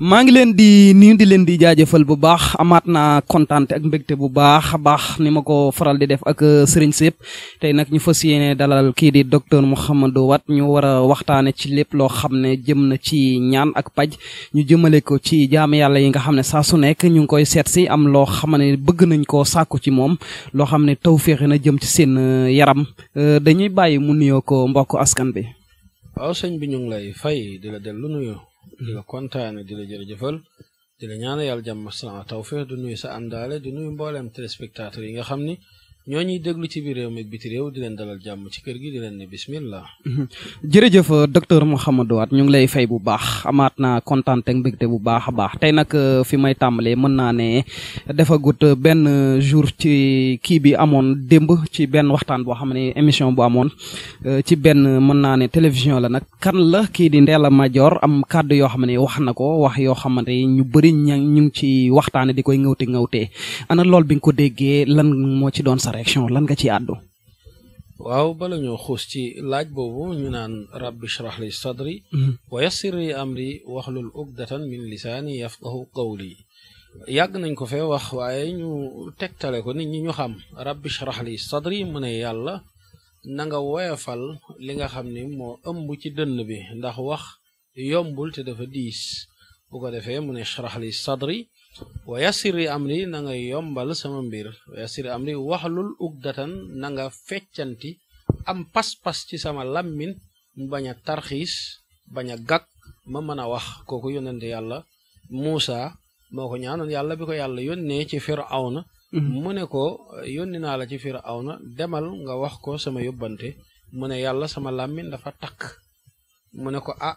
maa ngi leen di nuyu di leen di jaajëfal bu baax amaat naa kontaante ak mbégte bu baax a baax ni ma ko faral di def ak uh, sëriñ sépp tey nag ñu fas yéene dalal kii di docteur Mouhamadou Watt ñu war a waxtaane ci lépp loo xam ne jëm na ci ñaan ak paj ñu jëmale ko ci jaam yàlla yi nga xam ne saa su nekk ñu ngi koy seet si am loo xam ne bëgg nañ koo sàkku ci moom loo xam ne tawféex na jëm ci seen uh, yaram uh, dañuy bàyyi mu nuyoo ko mbokk askan bi. waaw sëñ bi ñu ngi fay di dellu nuyoo dila la kontaane di la jërëjëfal di la ñaana yàlla jàmm salaama tawfiix du nuyu sa àndaale di nuyu mbooleem téléspectateurs yi nga xam ni ñoo ñuy déglu ci biir réew mi ak biti réew di leen dalal jàmm ci kër gi di leen ne bismillah. Mhm. jërëjëf euh, docteur Mouhamadou Wade ñu ngi lay fay bu baax amaat naa kontaan ak mbégte bu baax a baax tey nag euh, fi may tàmbalee mën naa ne defagut euh, benn jour ci kii bi amoon démb ci benn waxtaan boo xam ne émission bu amoon ci benn mën naa ne télévision la nag kan la kii di Ndella Madior am kàddu yoo xam ne wax na ko wax yoo xamante ñu bëri ñu ngi ci waxtaanee di koy ngawte ngawtee ana lool bi nga ko déggee lan moo ci doon sare correction lan nga ci àddu waaw bala ñoo xuus laaj boobu ñu naan rabbi shrah li sadri mm-hmm. wa yassir li amri waxlul uqdatan min lisaani yafqahu qawli yàgg nañ ko fee wax waaye ñu tegtale ko nit ñi ñu xam rabbi shrah li sadri mu ne yàlla nanga nga woyafal li nga xam ni moo ëmb ci dënn bi ndax wax yombul te dafa diis bu ko defee mu ne shrah sadri wa yi am na nanga yombal sama mbir wa am amri waxlul ugdatan na nga feccanti am pas-pas ci sama làmmin mu bañ a tarxiis bañ a gàkk ma mën a wax kooku yónnante yàlla Muusa moo ko yàlla bi ko yàlla yónnee ci Firawna mu ne ko yónni naa la ci Firawna demal nga wax ko sama yóbbante mu ne yàlla sama làmmin dafa takk mu ne ko ah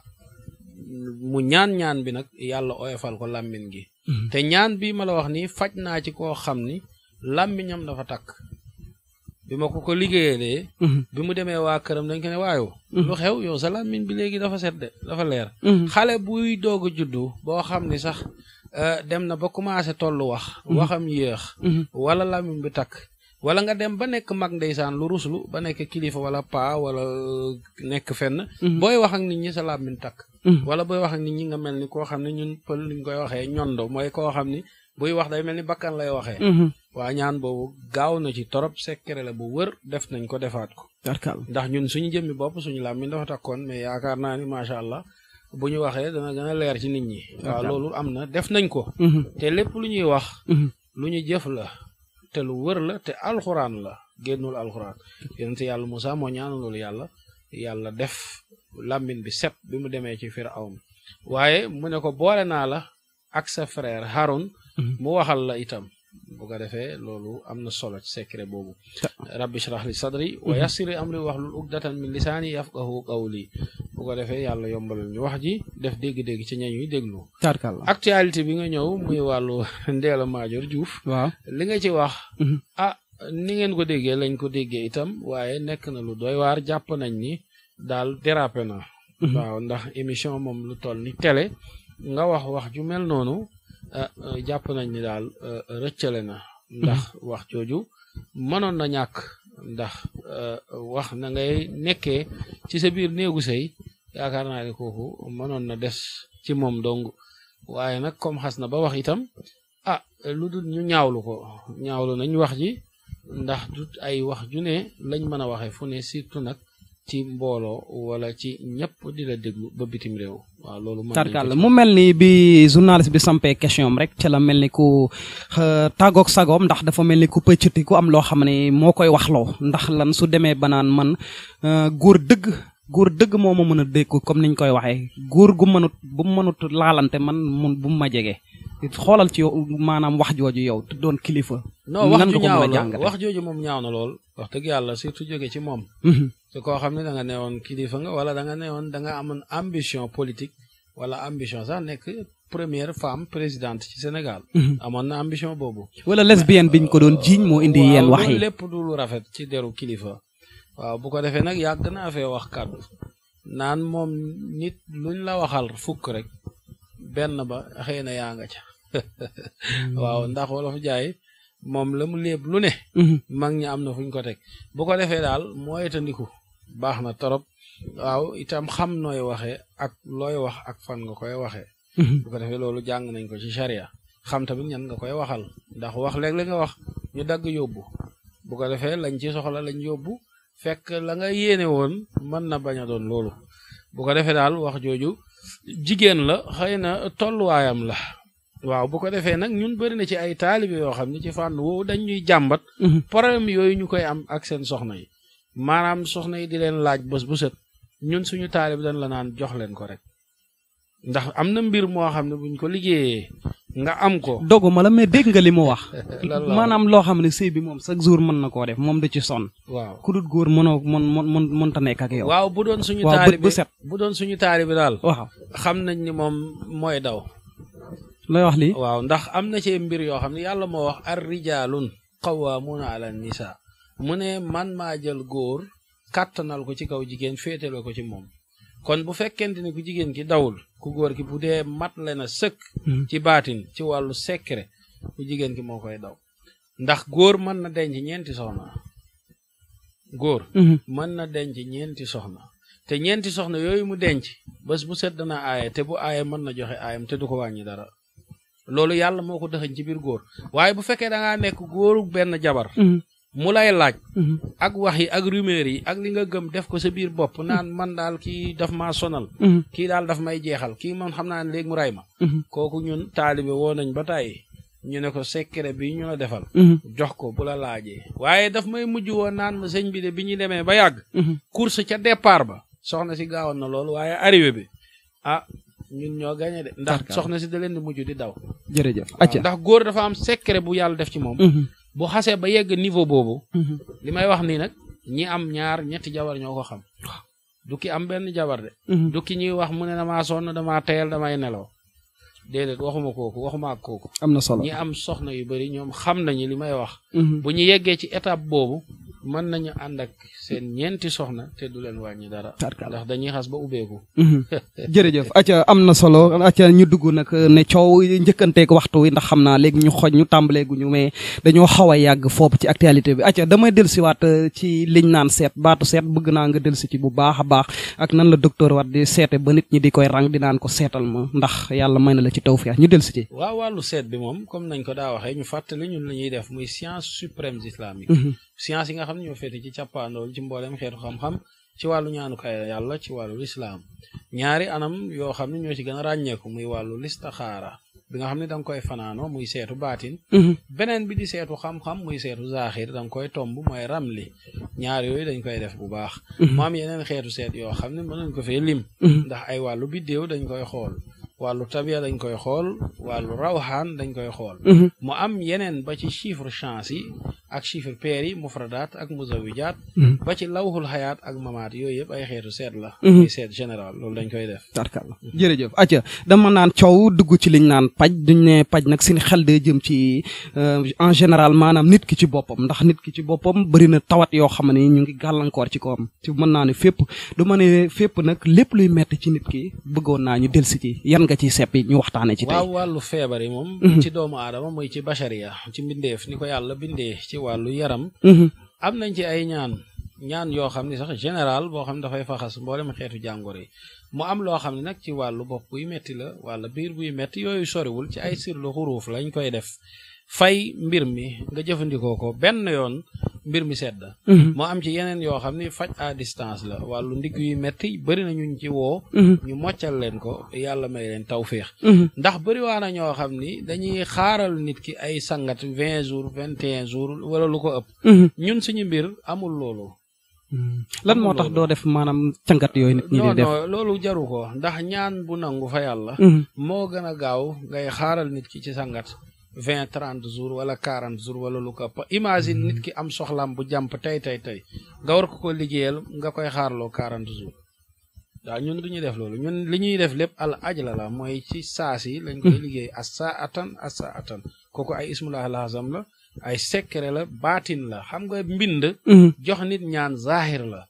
mu ñaan-ñaan bi nag yàlla oyofal ko làmmin gi Mm-hmm. te ñaan bii ma la wax nii faj naa ci koo xam ni làmmiñam dafa takk bi ma ko ko liggéeyalee mm-hmm. bi mu demee waa këram dañ ko ne waayu mm-hmm. lu xew yow sa làmmiñ bi léegi dafa sedd dafa leer xale buy doog a juddu boo xam ni sax euh, dem na ba commencé tollu wax waxam yéex wala làmmiñ bi takk wala nga dem ba nekk mag ndeysaan lu ruslu ba nekk kilifa wala paa wala nekk fenn booy wax ak nit ñi sa làmmiñ takk Mm. wala booy wax ak nit ñi nga mel ni koo xam ne ñun pël luñ koy waxee ñondo mooy koo xam ni buy wax day mel ni bakkan lay waxee mm-hmm. waa ñaan boobu gaaw na ci torop secret la bu wër def nañ ko defaat ko ndax ñun suñu jëmmi bopp suñu làmmiñ dafa takkoon mais yaakaar naa ni macha allah bu ñu waxee dana gën a leer ci nit ñi waaw loolu am na def nañ ko mm-hmm. te lépp lu ñuy wax mm-hmm. lu ñu jëf la te lu wër la te alxuraan la génnul alxuraan yonente yàlla Moussa moo ñaana loolu yàlla yàlla def làmbin bi set bi mu demee ci firawn waaye mu ne ko boole naa la ak sa frère Harun mhm. mu waxal la itam bu ko defee loolu am na solo ci secret boobu rabbi shrah li sadri wa wax lu wahlul uqdatan min lisaani yafqahu qawli bu ko defee yàlla yombalal ñu wax ji def dégg-dégg ci ñañuy déglu actualité bi nga ñëw muy wàllu Ndella Madior juuf waaw li nga ci wax mhm. a ah, ni ngeen ko déggee lañ ko déggee itam waaye nekk na lu doy waar jàpp nañ ni daal dérapé na mhm. waaw ndax émission moom lu toll ni télé nga wax wax ju mel noonu ah, ah, jàpp nañ ni daal ah, rëccale na mhm. ndax wax jooju mënoon na ñàkk ndax wax na ngay nekkee ci sa biir néegu sëy yaakaar naa ne kooku mënoon na des ci moom dong waaye nag comme xas na ba wax itam ah lu dul ñu ñaawlu ko ñaawlu nañ wax ji ndax ay wax ju ne lañ mën a waxee fu ne surtout nag ci mbooloo wala ci ñëpp di la déglu ba bitim réew waaw loolu mën tarkal mu mel ni bi journaliste bi sampe question am rek ca la mel ni ku euh, tàggoog sagoom ndax dafa mel ni ku pëccëti ku am loo xam ne moo koy wax loo ndax lan su demee banaan man euh, góor dëgg góor dëgg moo ma mën a dékku comme niñ koy waxee góor gu mënut bu mënut laalante man mun bu ma jege xoolal ci maanaam wax jooju yow doon kilifa. non wax ju ñaaw wax jooju moom ñaaw na lool wax dëgg yàlla surtout jóge ci moom. Mhm. ci koo xam ne da nga newoon kilifa nga wala danga nga newoon da nga amoon ambition politique wala ambition sax nekk première femme présidente ci Sénégal. Mhm. amoon na ambition boobu. wala lesbienne biñ ko doon jiiñ moo indi yenn wax yi lépp du lu rafet ci deru kilifa. waaw bu ko defee nag yàgg naa fee wax kàddu naan moom nit luñ la waxal fukk rek benn ba xëy na yaa nga ca. waaw ndax wolof jaay moom la mu léeb lu ne. Mhm. mag ñi am na fu ñu ko teg bu ko defee daal mooy tandiku baax na torop waaw itam xam nooy waxe ak looy wax ak fan nga koy waxee bu mhm. ko defee loolu jàng nañ ko ci charia xam tamit ñan nga koy waxal ndax wax léeg la nga wax ñu dagg yóbbu bu ko defee lañ ci soxla lañ yóbbu fekk la nga yéene woon mën na bañ a doon loolu bu ko defee daal wax jooju jigéen la xëy na tolluwaayam la waaw bu ko defee nag ñun bëri na ci ay taalibe yoo xam ne ci fànn woowu dañ ñuy jàmbat mhm. problème yooyu ñu koy am ak seen soxna yi maanaam soxna yi di leen laaj bés bu set ñun suñu taalib dañ la naan jox leen ko rek ndax am na mbir moo xam ne buñ ko liggéeyee nga am ko. ma la mais dégg nga li mu wax. maanaam loo xam ne sëy bi moom chaque jour mën na koo def moom da ci sonn. waaw ku dul góor mënoo mën mën mënta nekk ak waaw bu doon suñu. taalibe bu set doon suñu taalibe daal. waaw xam nañ ni moom mooy daw. looy wax lii. waaw ndax am na ci mbir yoo xam ne yàlla moo wax ar rijaalun qawwaamuuna ala nisaa mu ne man ma jël góor kàttanal ko ci kaw jigéen féetale ko ci moom kon bu fekkente ni ku jigéen ki dawul ku góor ki bu dee mat le na sëkk hmm. ci baatin ci wàllu secret ku jigéen ki moo koy daw ndax góor mën na denc ñeenti soxna góor hmm. mën na denc ñeenti soxna te ñeenti soxna yooyu mu denc bés bu set dana aaye bu aaye mën na joxe aayam te du ko wàññi dara loolu yàlla moo ko dëxëñ ci biir góor waaye bu fekkee da ngaa nekk góoru jabar hmm. mu lay laaj. Mhm. ak wax yi ak rumeur yi ak li nga gëm def ko sa biir bopp naan man daal kii daf maa sonal. Mhm. kii daal daf may jeexal kii man xam naa ne léegi mu ray ma. Mhm. kooku ñun taalibe woo nañ ba tàyyi ñu ne ko secret bi ñu la defal. jox ko bu la laajee. waaye daf may mujj woon naan ma sëñ bi de bi ñu demee ba yàgg. course ca départ ba soxna si gaawoon na loolu waaye arrivé bi a ah, ñun ñoo gagné de ndax soxna si da leen di mujj di daw. jërëjëf acca ndax góor dafa am secret bu yàlla def ci moom. bu xasee ba yegg niveau boobu. Mhm. li may wax nii nag ñi am ñaar ñetti jabar ñoo ko xam. du ki am benn jabar de. Mhm. du ki ñuy wax mu ne damaa sonn damaa teyal damay nelaw. déedéet waxuma kooku waxuma ak kooku. am na solo ñi am soxna yu bëri ñoom xam nañu li may wax. Mhm. bu ñu yeggee ci étape boobu mën nañu ànd ak seen ñeenti soxna te du leen wàññi dara. ndax dañuy xas ba ubbeeku. Mhm. jërëjëf acca am na solo acca ñu dugg nag euh, ne coow njëkkanteeg waxtu wi ndax xam naa léegi ñu xoj ñu tàmbaleeguñu mais dañoo xaw a yàgg foofu ci actualité bi acca damay dellusiwaat euh, ci liñ naan seet baatu seet bëgg naa nga dellusi ci bu baax baax ak nan la docteur waat di seete ba nit ñi di koy rang di naan ko seetal ma ndax yàlla may na la ci tawfeex ñu dellusi ci. waaw wàllu seet bi moom comme nañ ko daa waxee ñu fàttali ñun la ñuy def muy science suprême islamique. Mhm. science yi nga xam ne ñoo féete ci càppaandool ci mbooleem xeetu xam-xam ci wàllu ñaanukaay yàlla ci wàllu lislaam ñaari anam yoo xam ne ñoo ci gën a ràññeeku muy wàllu listaxaara bi nga xam ne da nga koy fanaano muy seetu baatin mhm. beneen bi di seetu xam-xam muy seetu zaaxir da koy tomb mooy ramli ñaari yooyu dañ koy def bu baax mhm. mu am yeneen xeetu seet yoo xam ne mën nañ ko fee lim mhm. ndax ay wàllu biddéew dañ koy xool wàllu tabiya dañ koy xool wàllu rawxaan dañ koy xool ak chiffre pair yi mufradaat ak muzawijaat mhm. ba ci lawhul xayaat ak mamaat yooyu yëpp ay xeetu seet la mhm. muy général loolu dañ koy def tarkalla mhm. jërëjëf acca dama naan coow dugg ci liñ naan paj duñ ne paj nag seen xel de jëm ci euh, en général maanaam nit ki ci boppam ndax nit ki ci boppam bëri na tawat yoo xam ne ñu ngi gàllankoor ci kawam ci mën naa ne fépp du ma ne fépp nag lépp luy metti ci nit ki bëggoon naa ñu del si ci yan nga ci seppi ñu waxtaane ci tey waaw wàllu feebar yi moom doomu aadama muy ci bachariya wàllu yaram mm-hmm. am nañ ci ay ñaan ñaan yoo xam ni sax général boo xam ne dafay faxas mboolem xeetu jàngoro yi mu am loo xam ne nag ci wàllu bopp buy metti la wala biir buy metti yooyu soriwul ci ay sirlu xuruuf lañ koy def fay mbir mi nga jëfandikoo ko benn yoon mbir mi sedd mhm. moo am ci yeneen yoo xam ni faj à distance la wàllu ndigg yu metti bëri na ci woo mhm. ñu moccal leen ko yàlla may leen tawféex mhm. ndax bëri waa na ñoo xam ni dañuy xaaral nit ki ay sangat vingt jours vingt et un jours wala lu ko ëpp ñun suñu mbir amul loolu lan moo tax doo def maanaam cangat yooyu nit ñi di def loolu jaru ko ndax ñaan bu nangu fa yàlla moo gën a gaaw ngay xaaral nit ki ci sangat vingt trente jours wala quarante jours wala lu ko imagine mm-hmm. nit ki am soxlaam bu jàmp tey tey tey nga war ko ko liggéeyal nga koy xaarloo quarante jours waaw ñun du ñuy def loolu ñun li ñuy def lépp al ajla la mooy ci saas si lañ koy mm-hmm. liggéey asa atan assa atan kooku ay ismullah alazam la ay secret la baatin la xam nga mbind mm-hmm. jox nit ñaan zahir la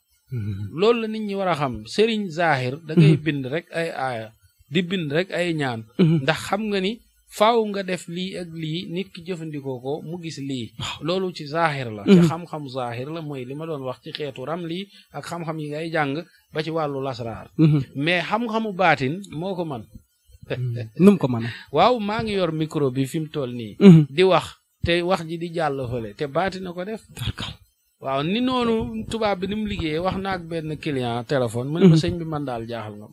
loolu la nit ñi war a xam sëriñ zahir da ngay bind rek ay aaya di bind rek ay ñaan ndax xam nga ni faw nga def lii ak lii nit ki jëfandikoo ko mu gis lii loolu ci zaahir la mhm. te xam-xam zaahir la mooy li ma doon wax ci xeetu ram lii ak xam-xam yi ngay jàng ba ci wàllu lasraar mhm. mais xam-xamu baatin moo ko man mhm. num ko man waaw maa ngi yor micro bi fi mu toll nii di wax te wax ji di jàll fële te baati na ko def waaw ni noonu tubaab bi ni mu liggéeyee wax naa benn client téléphone. mu ma mhm. sëñ bi man daal jaaxal nga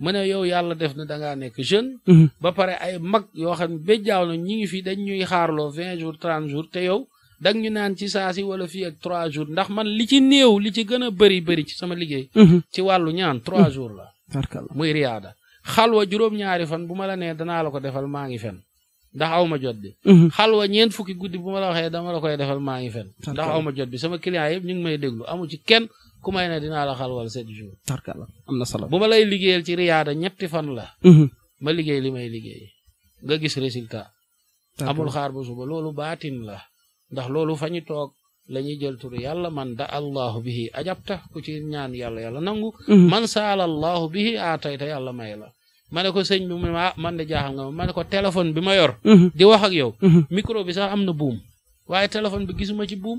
ma. ne yow yàlla def na da nekk jeune. Mhm. ba pare ay mag yoo xam ne béjjaaw na ñi ngi fi dañ ñuy xaarloo vingt jours trente jours te yow dag ñu naan ci saa si wala fii ak trois jours ndax man li ci néew li ci gën a bëri bëri ci sama liggéey. Mhm. ci wàllu ñaan trois jours la. muy riyaada xalwa juróom-ñaari fan bu ma la nee danaa la ko defal maa ngi fen ndax aw ma jot bi mhm. wa ñeen fukki guddi bu ma la waxee dama la koy defal maa ngi fen ndax aw ma jot bi sama client yëpp ñu ngi may déglu amu ci kenn ku may ne dinaa la xalwal sept jours tarkala am na solo bu ma lay liggéeyal ci riyaada ñetti fan la mhm. ma liggéey li may liggéey nga gis résultat amul xaar ba suba loolu baatin la ndax loolu fa ñu toog la ñuy jël turu yàlla man da allahu bihi ajabta ku ci ñaan yàlla yàlla nangu mhm. man saala allahu bihi aatayta yàlla may la ma ne ko sëñ bi mu ne ma ah, man de jaaxal nga ma ne ko téléphone bi ma yor. Mhm. di wax ak yow. Mhm. micro bi sax am na buum waaye téléphone bi ma ci buum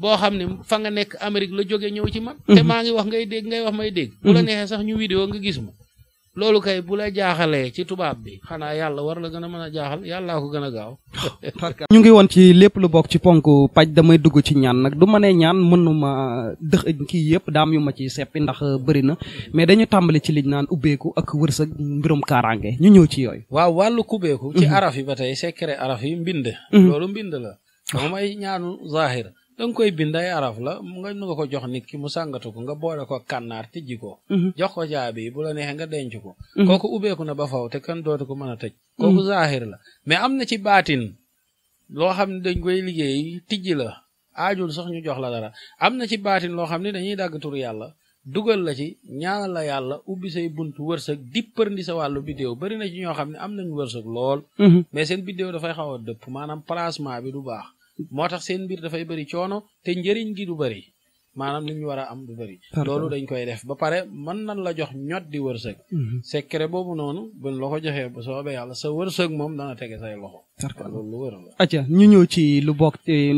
boo xam ne fa nga nekk Amérique la jóge ñëw ci man. Mhm. te maa ngi wax ngay dégg ngay wax may dégg. bu neexee sax ñu vidéo nga gis ma. loolu kay bu la jaaxalee ci tubaab bi xanaa yàlla war la gën a mën a jaaxal yàllaa ko gën a gaaw. ñu ngi woon ci lépp lu bokk ci ponk paj damay dugg ci ñaan nag du ma nee ñaan mënuma dëx kii yëpp daam yu ma ci seppi ndax bëri na mais dañu tàmbali ci liñ naan ubbeeku ak wërsëg mbirum kaaraange ñu ñëw ci yooyu. waaw wàllu kubbeeku. ci mhm. araf yi ba tey secret araf yi mbind. Mhm. loolu mbind la. moom ay ñaanu zaahir. danga koy bind ay araf la nga nu nga ko jox nit mu sàngatu ko nga boole ko kànnaar tijji ko mhm. jox ko jaabi bu la neexee nga denc ko mhm. ko ubbeeku na ba faw te kan dootu ko mën a tëj kooku mhm. zaahir la mais am na ci baatin loo xam ne dañ koy liggéey tijji la aajul sax ñu jox la dara am na ci baatin loo xam ne dañuy dàgg turu yàlla dugal la ci ñaanal la yàlla ubbi say buntu wërsëg ndi sa wàllu biddéew bari na ci ñoo xam ne am nañ wërsëg lool mais seen biddéew dafay xaw a maanaam placement bi du baax moo tax seen mbir dafay bëri coono te njëriñ gi du bëri maanaam li ñu war a am du bëri loolu dañ koy def ba pare mën nañ la jox ñot di wërsëg mm-hmm. secret boobu noonu buñ la ko joxee ba soobee yàlla sa wërsëg moom dana tege say loxo loolu lu wër acca ñu ñëw ci lu bokk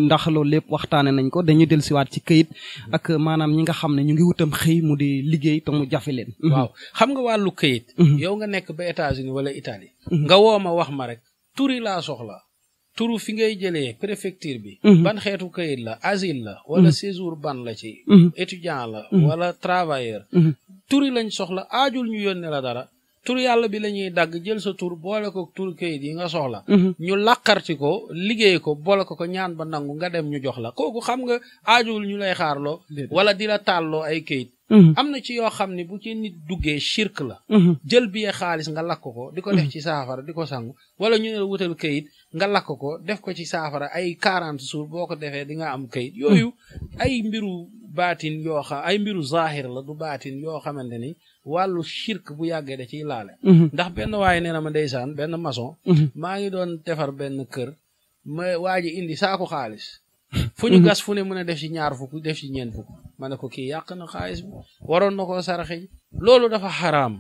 ndax loolu lépp waxtaane nañ ko dañuy dellusiwaat ci këyit ak maanaam ñi nga xam ne ñu ngi wutam xëy mu di liggéey te mu jafe leen mm-hmm. waaw xam nga wàllu këyit mm-hmm. yow nga nekk ba États-Unis wala Italie nga woo ma wax ma rek turi laa turu fi ngay jëlee préfecture bi mhm. ban xeetu kayit la asile la wala mhm. séjour ban la ci mhm. étudiant la wala travailleur turi lañ soxla aajul ñu yonne la dara tur yàlla bi la ñuy dagg jël sa tur boole ko tur kayit yi nga soxla ñu làqarti ko liggéey ko boole ko ko ñaan ba nangu nga dem ñu jox la kooku xam nga aajul ñu lay xaarloo wala di la tàlloo ay kayit Mhm. am na ci yoo xam ne bu ci nit duggee shirk la. Mhm. jël billet xaalis nga lakk ko. di ko def mhm. ci saafara di ko sangu wala ñu ne wutal kayit nga lakk ko def ko ci saafara ay quarante jours boo ko defee di nga am kayit. yooyu ay mbiru baatin yoo xam ay mbiru zaahir la du baatin yoo xamante ni. wàllu shirk bu yàggee de ci laale ndax benn waaye nee na ma ndeysaan benn mason maa ngi doon defar benn kër ma waa ji indi saako xaalis fu ñu gas fu ne mën a def ci ñaar fukk def ci ñeent fukk ma ne ko kii yàq na xaalis bi waroon na koo saraxe loolu dafa xaraam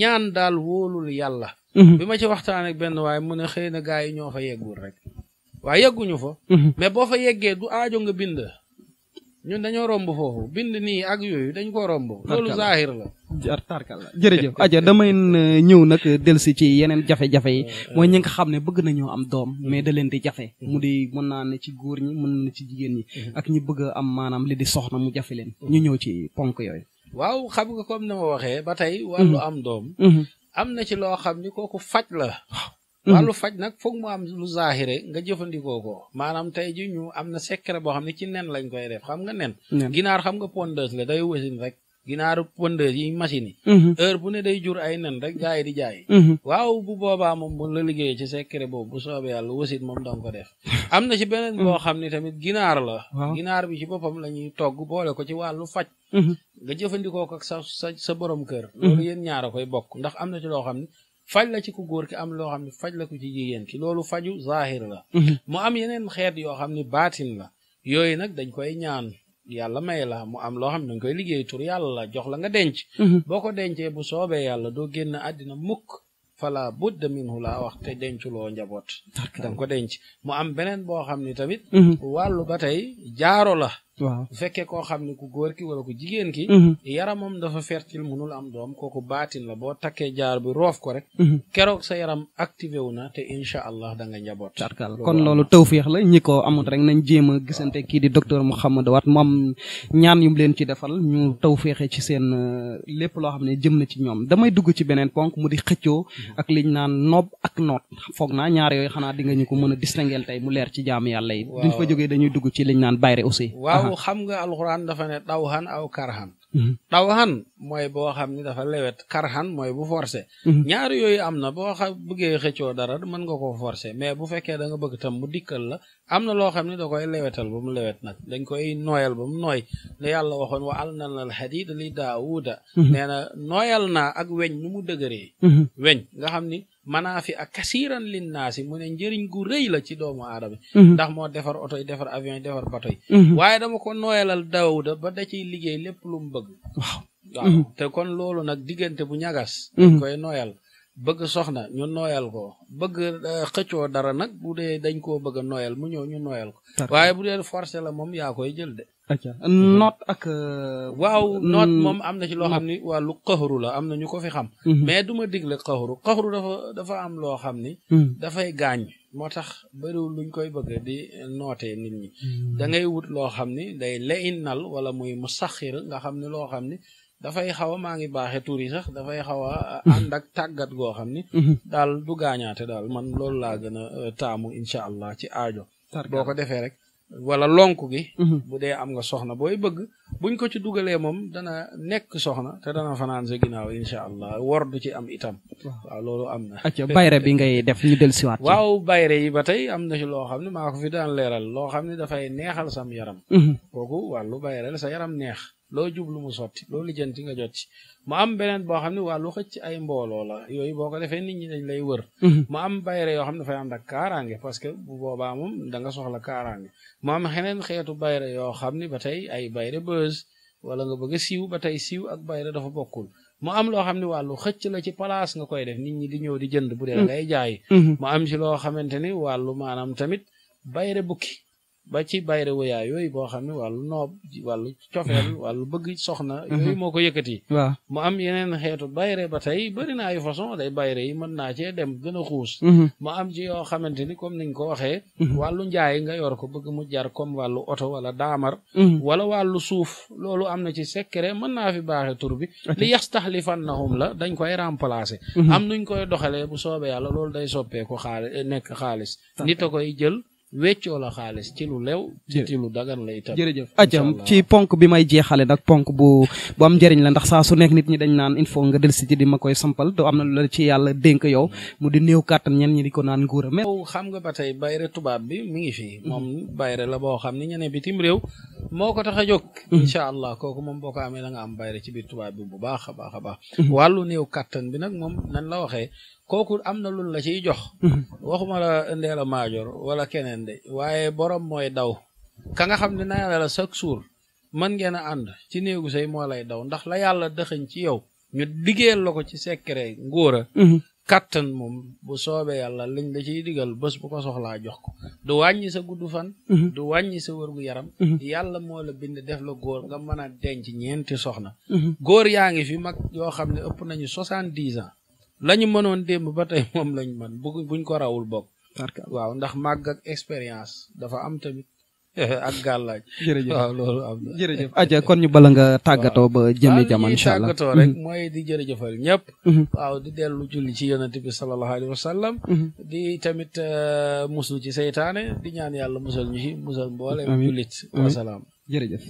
ñaan daal wóolul yàlla mhm. bi ma ci waxtaan ak benn waaye mu ne xëy na gaa yi ñoo fa yeggul rek waaye yegguñu fa mhm. mais boo fa yeggee du aajo nga bind ñun dañoo romb foofu bind nii ak yooyu dañ koo romb loolu zaahir la jar tarkal jërëjëf aja damay euh, ñëw nag delsi ci yeneen jafe-jafe yi mooy ñi nga xam ne bëgg nañoo am doom mais da leen di jafe mm-hmm. mu di mun naa ne ci góor ñi mën na ci jigéen ñi mm-hmm. ak ñi bëgg am maanaam li di soxna mu jafe leen ñu ñëw ci ponk yooyu waaw xam nga comme ni ma waxee ba tey wàllu mm-hmm. am doom am na ci loo xam ni kooku faj la Mhm. waa lu faj nag foog mu am lu zaaxire nga jëfandikoo ko maanaam tey ji ñu am na secret boo xam ne ci nen lañ koy def xam nga nen ginaar xam nga pondeuse la day wasin rek ginaaru pondeuse yi machine yi mhm. heure bu ne day jur ay nen rek gars yi di jaay mhm. waaw bu boobaa moom mun la liggéey ci secret boobu bu soobee yàlla wasit moom danga ko def am na ci beneen boo xam ne tamit ginaar la ginaar bi ci boppam la ñuy togg boole ko ci wàllu faj nga jëfandikoo ko sa sa sa borom kër loolu yéen ñaar koy bokk ndax am na ci loo xam ne faj la ci ku góor ki am loo xam ne faj la ko ci jigéen ki loolu faju zahir la mhm. mu am yeneen xeet yoo xam ne baatin la yooyu nag dañ koy ñaan yàlla may la mu am loo xam ne danga koy liggéey tur yàlla la jox la nga denc mhm. boo ko dencee bu soobee yàlla doo génn àddina mukk fala budda minhu laa wax te loo njaboot danga ko denc mu am beneen boo xam ne tamit mhm. wàllu ba tey jaaro la waaw bu fekkee koo xam ne ku góor ki wala ku jigéen ki mhm. yaramam dafa fertile munul am doom kooku baatin la boo takkee jaar bi roof ko rek mhm. keroog sa yaram activer wu na te incha allah da nga njaboot tarkal kon loolu tawféex la ñi ko amut rek nañ jéem a gisante kii di docteur Mouhamadou Wade moom ñaan yu leen ci defal ñu tawféexe ci seen euh, lépp loo xam ne jëm na ci ñoom damay dugg ci beneen ponk mu di xëccoo mhm. ak liñ naan noob ak noot foog naa ñaar yooyu xanaa di nga ñu ko mën a distinguer tey mu leer ci jaamu yàlla yi duñ fa dañuy dugg ci liñ naan bayre aussi aw xam nga alxuraan dafa mm-hmm. boo xam ni dafa lewet karhan mooy bu forcé mm-hmm. ñaar yooyu am na boo xam bëggee xëccoo dara mën nga ko forcé mais bu fekkee da nga bëgg tam mu dikkal la am na loo xam ne da koy lewetal ba mu lewet nag dañ koy nooyal ba mu nooy la yalla waxoon wa al nan al xadid li daawuda mm-hmm. nee na nooyal naa ak weñ nu mu dëgëree weñ nga xam ni manaafi a kasiran linnaasi mu ne njëriñ gu rëy la ci doomu aadama mhm. ndax moo defar oto defar avion yi defar bato yi mhm. waaye dama ko nooyalal Daawuda ba da ciy liggéey lépp lu bëgg waaw mhm. te kon loolu nag diggante bu ñagas dañ koy nooyal bëgg soxna ñu nooyal ko bëgg euh, xëccoo dara nag bu dee dañ koo bëgg a mu ñëw ñu nooyal ko waaye bu de forcé la moom yaa koy jël de Mhm. noot ak. Euh, waaw mm, noot moom am na ci loo xam ni wàllu xaxaru la am na ñu ko fi xam. Mhm. mais du ma digle xaxaru xaxaru dafa dafa am loo xam ni. Mhm. dafay gaañ moo tax bëriwul luñ koy bëgg di noote nit ñi. da ngay wut loo xam ni day nal wala muy mu saxir nga xam ni loo xam ni dafay xaw a maa ngi baaxee tur yi sax dafay xaw a ànd ak tàggat goo xam ni. daal du gaañaate daal man loolu laa gën a euh, taamu incha allah ci aajo. boo ko defee rek. wala lonk gi. Mhm. bu dee am nga soxna booy bëgg. buñ ko ci dugalee moom dana nekk soxna te dana fanaan sa ginnaaw incha allah wor ci am itam. waaw loolu am na. acca bayre bi ngay def ñu dellusiwaat. waaw bayre yi ba tey am na ci loo xam ne maa ko fi daan leeral loo xam ne dafay neexal sam yaram. Mhm. kooku wàllu bayre la sa yaram neex. loo jublu mu sotti loo lijjanti nga jot ci mu am beneen boo xam ne wàllu xëcc ay mbooloo la yooyu boo ko defee nit ñi dañ lay wër. Mhm. mu am bayre yoo xam ne dafay ànd bu boobaa moom da nga soxla kaaraange mu am xeneen xeetu bayre yoo buzz wala nga bëgg a siiw ba tey siiw ak bayra dafa bokkul mu am loo xam ne wàllu xëcc la ci place nga koy def nit ñi di ñëw di jënd bu dee mm. ngay jaay mm-hmm. mu am ci loo xamante ni wàllu maanaam tamit bayra bukki ba ci bayre woyaa yooyu boo xam ne wàllu noob wàllu cofeel mm. wàllu bëgg soxna mm-hmm. yooyu moo ko yëkkati waaw mu am yeneen xeetu bayre ba tey bëri na ay façon day bayre yi mën naa cee dem gën a xuus mm-hmm. mu am ci yoo xamante ni comme niñ ko waxee mm-hmm. wàllu njaay nga yor ko bëgg mu jar kom wàllu oto wala daamar wala wàllu suuf loolu am na ci secret mën naa fi baaxe tur bi li yastaxlifannahum la dañ koy remplacer am nuñ koy doxalee bu soobee yàlla loolu day soppeeku xaalis nekk xaalis nit a weccoo la xaalis ci lu lew. ci lu dagan lay tam jërëjëf ajam ci ponk bi may jeexale nag ponk bu bu am njariñ la ndax saa su nekk nit ñi dañ naan il faut nga del si ci di ma koy sampal doo am na lu la ci yàlla dénk yow mu di néew kàttan ñen ñi di ko naan nguur a mais xam nga ba tey bayre tubaab bi mu ngi fii moom bayre la boo xam ni ñeneen bitim réew moo ko tax a jóg. Mm-hmm. incha allah kooku moom boo ko amee da nga am bayre ci biir tubaab bi bu baax a baax a baax. Mm-hmm. wàllu néew kàttan bi nag moom nan la waxee kooku am na lu la ciy jox. Mm-hmm. waxuma la Ndella Madior wala keneen de waaye borom mooy daw. ka nga xam ne naa la chaque jour mën ngeen a ànd ci néegu say moo lay daw ndax la yàlla dëxëñ ci yow. ñu liggéeyal la ko ci secret ngóora kattan moom bu soobee yàlla lañ la ciy digal bës bu ko soxlaa jox ko du wàññi sa gudd fan mhm. du wàññi sa wërgu yaram mhm. yàlla moo la bind def la góor nga mën a denc ñeenti soxna mhm. góor yaa ngi fi mag yoo xam ne ëpp nañu soixante-dix ans lañu mënoon démb ba tey moom lañ man bu buñ ko rawul bokk waaw ndax màgg ak expérience dafa am tamit ak gàllaaj jërëjëf waaw loolu am aja kon ñu bala nga tàggatoo ba jëme jamono incha allah tàggatoo rek mm-hmm. mooy di jërëjëfal ñëpp mm-hmm. aw di dellu julli ci yonent bi sallallahu alayhi wa sallam mm-hmm. di tamit uh, muslu ci seytaane di ñaan yàlla musal ñu ci musal mboole jullit wasalaam jërëjëf